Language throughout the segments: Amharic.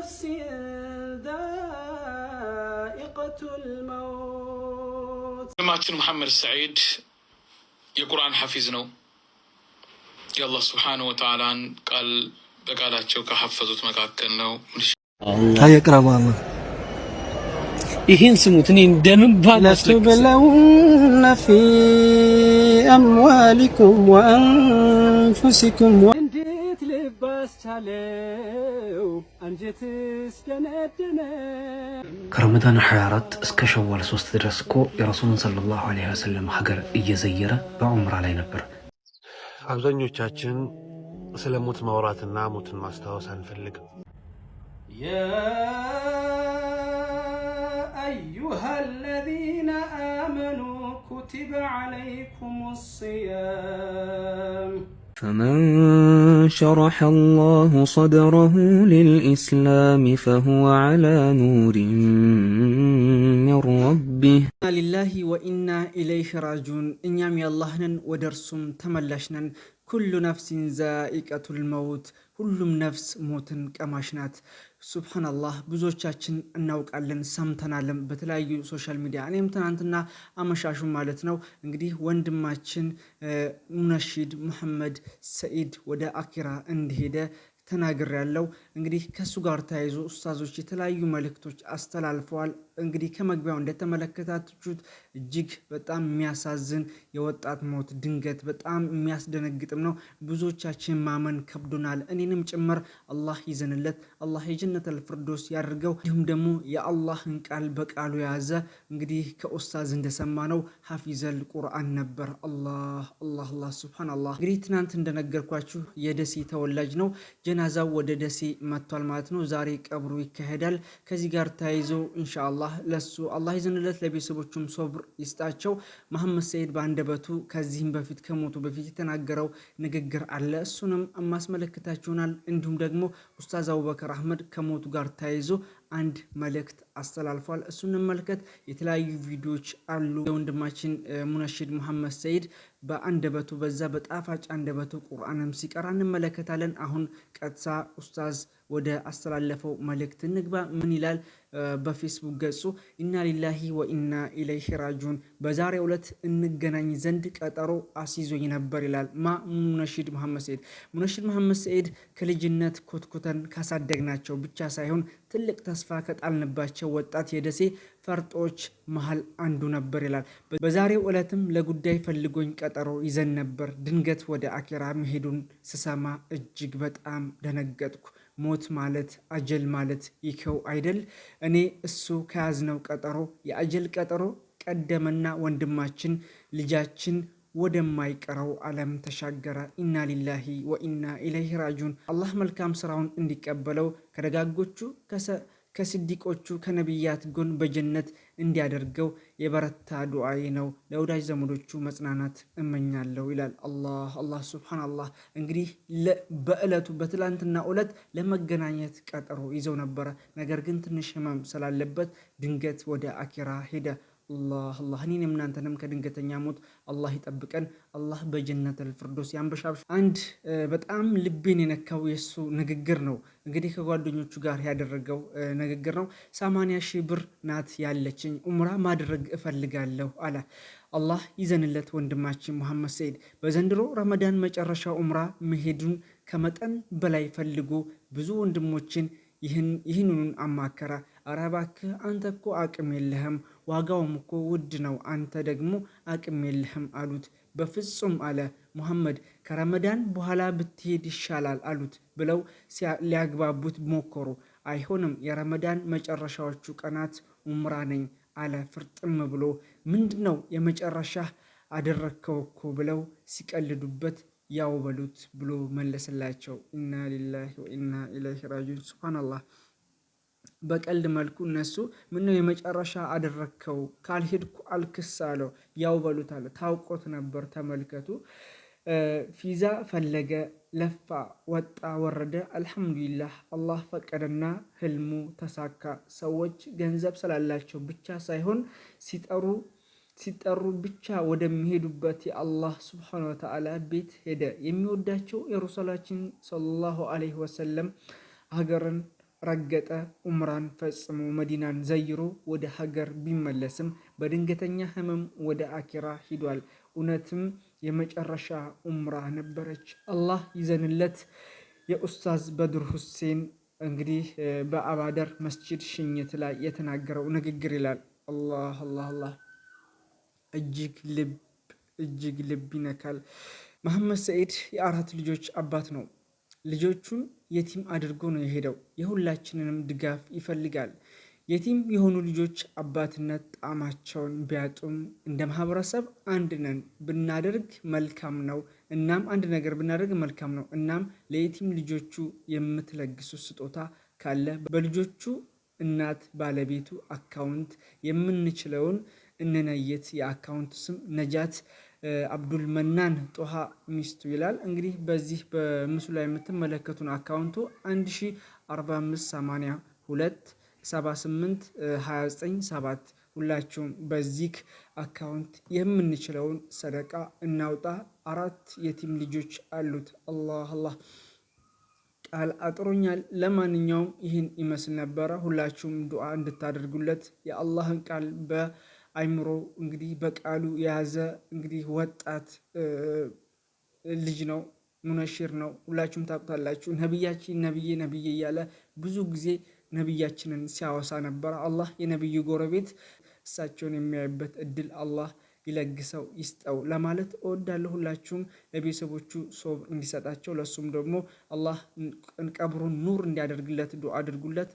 نفس ذائقة الموت ማችን መሐመድ ሰዒድ የቁርአን ሐፊዝ ነው። የአላህ ስብሓነሁ ወተዓላን ቃል በቃላቸው ከሐፈዙት መካከል ነው። ታየቅረባ ይህን ስሙት። እኔ እንደምን ለትብለውነ ፊ አምዋሊኩም ወአንፉሲኩም ከረመዳን 24 እስከ ሸዋል 3 ድረስ እኮ የረሱሉን ሰለላሁ ዐለይሂ ወሰለም ሀገር እየዘየረ በዑምራ ላይ ነበር። አብዛኞቻችን ስለ ሞት ማውራትና ሞትን ማስታወስ አንፈልግም። ያ አዩሃ አለዚነ አመኑ ኩቲበ ዐለይኩም ሲያም فمن شرح الله صدره للإسلام فهو على نور من ربه إنا لله وإنا إليه راجون إن يامي الله نن ودرسم تملشنا كل نفس زائقة الموت كل نفس موت كماشنات ሱብሃናላህ ብዙዎቻችን እናውቃለን፣ ሰምተናለን በተለያዩ ሶሻል ሚዲያ። እኔም ትናንትና አመሻሹን ማለት ነው እንግዲህ ወንድማችን ሙነሺድ ሙሐመድ ሰኢድ ወደ አኪራ እንደሄደ ተናግር ያለው እንግዲህ ከእሱ ጋር ተያይዞ ኡስታዞች የተለያዩ መልእክቶች አስተላልፈዋል። እንግዲህ ከመግቢያው እንደተመለከታችሁት እጅግ በጣም የሚያሳዝን የወጣት ሞት ድንገት በጣም የሚያስደነግጥም ነው። ብዙዎቻችን ማመን ከብዶናል። እኔንም ጭምር አላህ ይዘንለት፣ አላህ የጀነት አልፍርዶስ ያድርገው። እንዲሁም ደግሞ የአላህን ቃል በቃሉ የያዘ እንግዲህ ከኡስታዝ ነው ሀፊዘል ቁርአን ነበር። አላህ አላህ አላህ ሱብሃነላህ። እንግዲህ ትናንት እንደነገርኳችሁ የደሴ ተወላጅ ነው። ጀናዛው ወደ ደሴ መጥቷል ማለት ነው። ዛሬ ቀብሩ ይካሄዳል። ከዚህ ጋር ተያይዘው ኢንሻአላህ አላህ ለሱ አላህ ይዘንለት ለቤተሰቦቹም ሶብር ይስጣቸው። መሐመድ ሰይድ በአንደበቱ ከዚህም በፊት ከሞቱ በፊት የተናገረው ንግግር አለ። እሱንም የማስመለክታችሁናል። እንዲሁም ደግሞ ኡስታዝ አቡበከር አህመድ ከሞቱ ጋር ተያይዞ አንድ መልእክት አስተላልፏል። እሱን እንመልከት። የተለያዩ ቪዲዮዎች አሉ። የወንድማችን ሙነሽድ መሐመድ ሰይድ በአንደበቱ በዛ በጣፋጭ አንደበቱ ቁርአንም ሲቀራ እንመለከታለን። አሁን ቀጥታ ኡስታዝ ወደ አስተላለፈው መልእክት እንግባ። ምን ይላል? በፌስቡክ ገጹ ኢና ሊላሂ ወኢና ኢለይሂ ራጁን በዛሬው ዕለት እንገናኝ ዘንድ ቀጠሮ አስይዞኝ ነበር ይላል። ማ ሙነሽድ መሐመድ ሰይድ። ሙነሽድ መሐመድ ሰይድ ከልጅነት ኮትኩተን ካሳደግናቸው ብቻ ሳይሆን ትልቅ ተስፋ ከጣልንባቸው ወጣት የደሴ ፈርጦች መሀል አንዱ ነበር ይላል። በዛሬው ዕለትም ለጉዳይ ፈልጎኝ ቀጠሮ ይዘን ነበር። ድንገት ወደ አኬራ መሄዱን ስሰማ እጅግ በጣም ደነገጥኩ። ሞት ማለት አጀል ማለት ይከው አይደል? እኔ እሱ ከያዝነው ቀጠሮ የአጀል ቀጠሮ ቀደመና ወንድማችን ልጃችን ወደማይቀረው ዓለም ተሻገረ። ኢና ሊላሂ ወኢና ኢለይህ ራጁን። አላህ መልካም ስራውን እንዲቀበለው ከደጋጎቹ ከስዲቆቹ ከነቢያት ጎን በጀነት እንዲያደርገው የበረታ ዱዓዬ ነው። ለወዳጅ ዘመዶቹ መጽናናት እመኛለሁ ይላል አላህ አላህ ሱብሃነላህ። እንግዲህ በዕለቱ በትላንትና ዕለት ለመገናኘት ቀጠሮ ይዘው ነበረ። ነገር ግን ትንሽ ህመም ስላለበት ድንገት ወደ አኪራ ሄደ። አላህ አላህ እኔንም እናንተንም ከድንገተኛ ሞት አላህ ይጠብቀን። አላህ በጀነት አልፍርዶስ ያንበሻብሽ። አንድ በጣም ልቤን የነካው የእሱ ንግግር ነው እንግዲህ ከጓደኞቹ ጋር ያደረገው ንግግር ነው። ሰማንያ ሺህ ብር ናት ያለችኝ ኡምራ ማድረግ እፈልጋለሁ አለ። አላህ ይዘንለት ወንድማችን ሙሐመድ ሰይድ በዘንድሮ ረመዳን መጨረሻ ኡምራ መሄዱን ከመጠን በላይ ፈልጎ ብዙ ወንድሞችን ይህንኑን አማከራ። አረባክህ አንተ እኮ አቅም የለህም ዋጋውም እኮ ውድ ነው፣ አንተ ደግሞ አቅም የለህም አሉት። በፍጹም አለ ሙሐመድ። ከረመዳን በኋላ ብትሄድ ይሻላል አሉት ብለው ሊያግባቡት ሞከሩ። አይሆንም፣ የረመዳን መጨረሻዎቹ ቀናት ኡምራ ነኝ አለ ፍርጥም ብሎ። ምንድን ነው የመጨረሻ አደረግከው እኮ ብለው ሲቀልዱበት ያው በሉት ብሎ መለስላቸው። ኢና ሊላሂ ወኢና ኢለይሂ ራጂዑን። ሱብሃነላህ በቀልድ መልኩ እነሱ ምነው የመጨረሻ አደረግከው ካልሄድኩ አልክስ አለው። ያው በሉት አለ። ታውቆት ነበር። ተመልከቱ። ፊዛ ፈለገ፣ ለፋ፣ ወጣ፣ ወረደ። አልሐምዱሊላህ አላህ ፈቀደና ህልሙ ተሳካ። ሰዎች ገንዘብ ስላላቸው ብቻ ሳይሆን ሲጠሩ ሲጠሩ ብቻ ወደሚሄዱበት የአላህ ስብሓነ ወተዓላ ቤት ሄደ። የሚወዳቸው የረሱላችን ሰለላሁ አለይሂ ወሰለም ሀገርን ረገጠ ኡምራን ፈጽሞ መዲናን ዘይሮ ወደ ሀገር ቢመለስም በድንገተኛ ህመም ወደ አኪራ ሂዷል። እውነትም የመጨረሻ ኡምራ ነበረች። አላህ ይዘንለት። የኡስታዝ በድር ሁሴን እንግዲህ በአባደር መስጂድ ሽኝት ላይ የተናገረው ንግግር ይላል። አላህ አላህ አላህ እጅግ ልብ እጅግ ልብ ይነካል። መሐመድ ሰኢድ የአራት ልጆች አባት ነው። ልጆቹን የቲም አድርጎ ነው የሄደው። የሁላችንንም ድጋፍ ይፈልጋል። የቲም የሆኑ ልጆች አባትነት ጣዕማቸውን ቢያጡም እንደ ማህበረሰብ አንድ ነን ብናደርግ መልካም ነው። እናም አንድ ነገር ብናደርግ መልካም ነው። እናም ለየቲም ልጆቹ የምትለግሱ ስጦታ ካለ በልጆቹ እናት ባለቤቱ አካውንት የምንችለውን እንነየት። የአካውንት ስም ነጃት አብዱል መናን ጦሃ ሚስቱ ይላል። እንግዲህ በዚህ በምስሉ ላይ የምትመለከቱን አካውንቱ 1458 ሁላችሁም በዚህ አካውንት የምንችለውን ሰደቃ እናውጣ። አራት የቲም ልጆች አሉት። አላህ አላህ ቃል አጥሮኛል። ለማንኛውም ይህን ይመስል ነበረ። ሁላችሁም ዱዓ እንድታደርጉለት የአላህን ቃል በ አይምሮ እንግዲህ በቃሉ የያዘ እንግዲህ ወጣት ልጅ ነው። ሙነሽር ነው። ሁላችሁም ታውቁታላችሁ። ነቢያችን ነብዬ ነብዬ እያለ ብዙ ጊዜ ነቢያችንን ሲያወሳ ነበረ። አላህ የነብዩ ጎረቤት እሳቸውን የሚያይበት እድል አላህ ይለግሰው ይስጠው ለማለት እወዳለሁ። ሁላችሁም ለቤተሰቦቹ ሶብር እንዲሰጣቸው ለእሱም ደግሞ አላህ ቀብሩን ኑር እንዲያደርግለት ዱዓ አድርጉለት።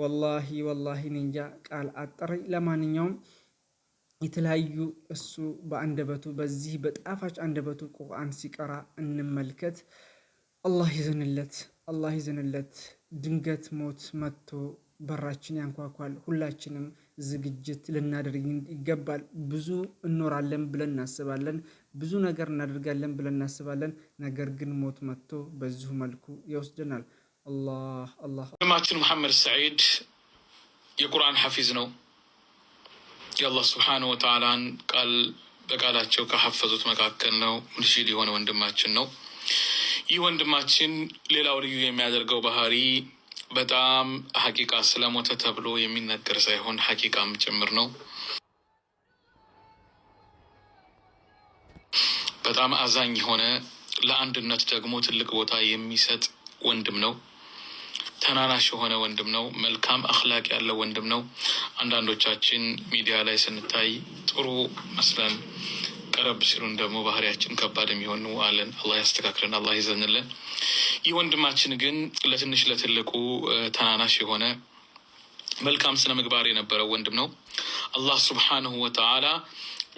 ወላሂ ወላሂ እንጃ ቃል አጠረኝ። ለማንኛውም የተለያዩ እሱ በአንደበቱ በዚህ በጣፋጭ አንደበቱ ቁርአን ሲቀራ እንመልከት። አላህ ይዘንለት፣ አላህ ይዘንለት። ድንገት ሞት መጥቶ በራችን ያንኳኳል። ሁላችንም ዝግጅት ልናደርግ ይገባል። ብዙ እኖራለን ብለን እናስባለን፣ ብዙ ነገር እናደርጋለን ብለን እናስባለን። ነገር ግን ሞት መጥቶ በዚሁ መልኩ ይወስደናል። ወንድማችን መሐመድ ሰዒድ የቁርአን ሐፊዝ ነው። የአላህ ስብሓን ወተዓላን ቃል በቃላቸው ከሐፈዙት መካከል ነው። ሙንሺድ የሆነ ወንድማችን ነው። ይህ ወንድማችን ሌላው ልዩ የሚያደርገው ባህሪ በጣም ሐቂቃ ስለሞተ ተብሎ የሚነገር ሳይሆን ሐቂቃም ጭምር ነው። በጣም አዛኝ የሆነ ለአንድነት ደግሞ ትልቅ ቦታ የሚሰጥ ወንድም ነው። ተናናሽ የሆነ ወንድም ነው። መልካም አክላቅ ያለው ወንድም ነው። አንዳንዶቻችን ሚዲያ ላይ ስንታይ ጥሩ መስለን ቀረብ ሲሉን ደግሞ ባህሪያችን ከባድ የሚሆኑ አለን። አላህ ያስተካክለን፣ አላህ ይዘንልን። ይህ ወንድማችን ግን ለትንሽ ለትልቁ ተናናሽ የሆነ መልካም ስነ ምግባር የነበረው ወንድም ነው። አላህ ስብሓንሁ ወተዓላ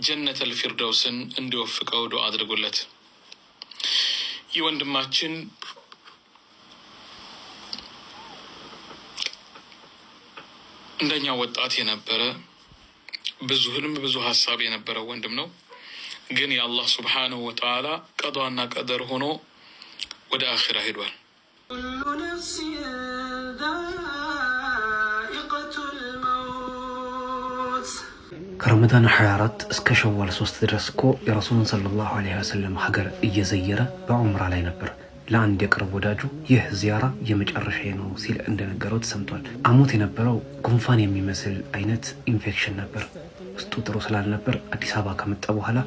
ጀነት ፊርደውስን እንዲወፍቀው ዱዓ አድርጉለት። ይህ ወንድማችን እንደኛ ወጣት የነበረ ብዙ ህልም ብዙ ሀሳብ የነበረ ወንድም ነው። ግን የአላህ ስብሓንሁ ወተዓላ ቀዷና ቀደር ሆኖ ወደ አኺራ ሄዷል። ከረመዳን 24 እስከ ሸዋል ሶስት ድረስ እኮ የረሱሉን ሰለላሁ ዐለይሂ ወሰለም ሀገር እየዘየረ በዑምራ ላይ ነበር። ለአንድ የቅርብ ወዳጁ ይህ ዚያራ የመጨረሻዬ ነው ሲል እንደነገረው ተሰምቷል። አሞት የነበረው ጉንፋን የሚመስል አይነት ኢንፌክሽን ነበር። ውስጡ ጥሩ ስላልነበር አዲስ አበባ ከመጣ በኋላ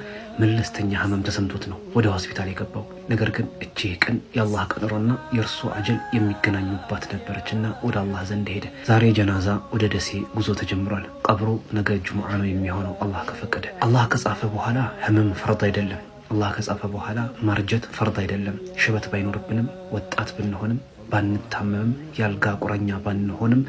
መለስተኛ ህመም ተሰምቶት ነው ወደ ሆስፒታል የገባው። ነገር ግን እቺ ቀን የአላህ ቀጠሮና የእርሱ አጀል የሚገናኙባት ነበረችና ወደ አላህ ዘንድ ሄደ። ዛሬ ጀናዛ ወደ ደሴ ጉዞ ተጀምሯል። ቀብሮ ነገ ጅሙዓ ነው የሚሆነው አላህ ከፈቀደ። አላህ ከጻፈ በኋላ ህመም ፈርድ አይደለም አላህ ከጻፈ በኋላ ማርጀት ፈርድ አይደለም። ሽበት ባይኖርብንም፣ ወጣት ብንሆንም፣ ባንታመምም፣ ያልጋ ቁረኛ ባንሆንም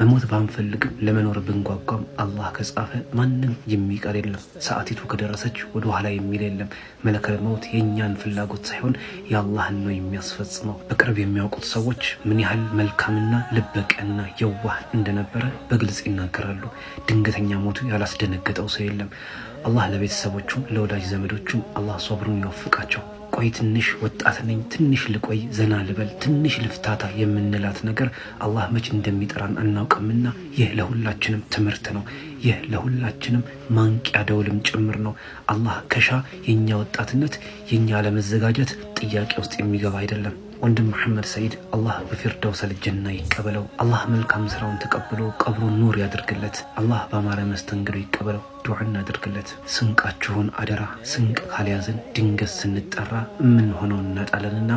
መሞት ባንፈልግም ለመኖር ብንጓጓም አላህ ከጻፈ ማንም የሚቀር የለም። ሰዓቲቱ ከደረሰች ወደ ኋላ የሚል የለም። መለከል መውት የእኛን ፍላጎት ሳይሆን የአላህን ነው የሚያስፈጽመው። በቅርብ የሚያውቁት ሰዎች ምን ያህል መልካምና ልበቀና የዋህ እንደነበረ በግልጽ ይናገራሉ። ድንገተኛ ሞቱ ያላስደነገጠው ሰው የለም። አላህ ለቤተሰቦቹም ለወዳጅ ዘመዶቹም አላህ ሶብሩን ይወፍቃቸው። ልቆይ፣ ትንሽ ወጣት ነኝ፣ ትንሽ ልቆይ፣ ዘና ልበል፣ ትንሽ ልፍታታ የምንላት ነገር አላህ መች እንደሚጠራን አናውቅምና ይህ ለሁላችንም ትምህርት ነው። ይህ ለሁላችንም ማንቂያ ደውልም ጭምር ነው። አላህ ከሻ የእኛ ወጣትነት የእኛ ለመዘጋጀት ጥያቄ ውስጥ የሚገባ አይደለም። ወንድም መሐመድ ሰዒድ አላህ በፊርደውሰል ጀና ይቀበለው። አላህ መልካም ስራውን ተቀብሎ ቀብሩን ኑር ያድርግለት። አላህ በአማረ መስተንግዶ ይቀበለው። ዱዓ እናድርግለት። ስንቃችሁን አደራ። ስንቅ ካልያዝን ድንገት ስንጠራ ሆነው እናጣለንና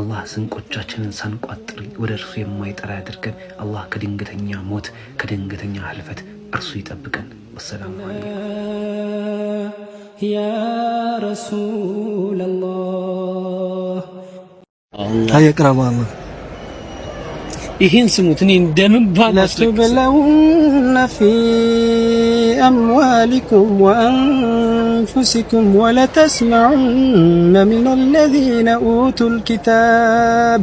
አላህ ስንቆቻችንን ሳንቋጥር ወደ እርሱ የማይጠራ ያድርገን። አላህ ከድንገተኛ ሞት ከድንገተኛ ህልፈት እርሱ ይጠብቀን። ወሰላሙ ያ ረሱላላህ። ታየ ቅረባለ ይህን ስሙት። እኔ እንደምን ለቱብለውነ ፊ አምዋሊኩም ወአንፉሲኩም ወለተስማዑነ ሚነለዚነ ኡቱል ኪታብ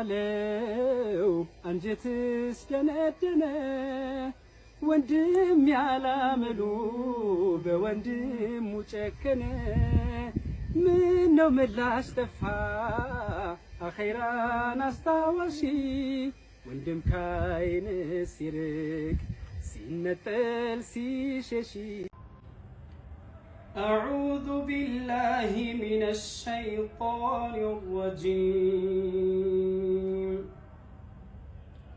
አለው አንጀትስ ደነደነ ወንድም ያላመሉ በወንድሙ ጨከነ። ምን ነው ምላሽ ጠፋ አኼራን አስታዋሺ ወንድም ካይንስ ሲርቅ ሲነጠል ሲሸሺ أعوذ بالله من الشيطان الرجيم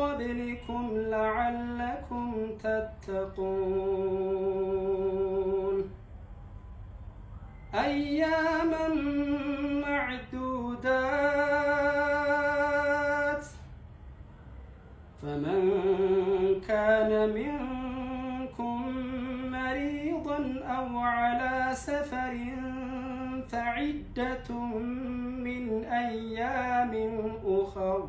قبلكم لعلكم تتقون أياما معدودات فمن كان منكم مريضا أو على سفر فعدة من أيام أخر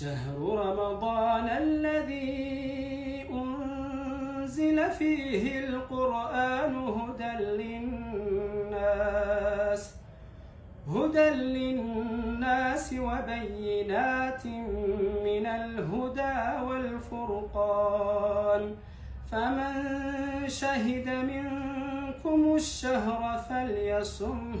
شهر رمضان الذي أنزل فيه القرآن هدى للناس هدى للناس وبينات من الهدى والفرقان فمن شهد منكم الشهر فليصمه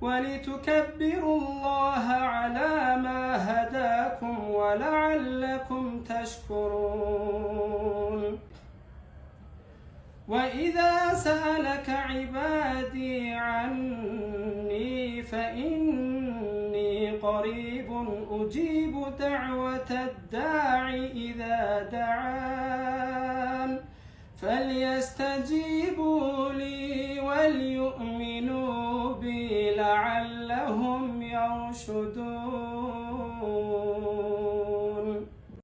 ولتكبروا الله على ما هداكم ولعلكم تشكرون وإذا سألك عبادي عني فإني قريب أجيب دعوة الداعي إذا دعان فليستجيب شدو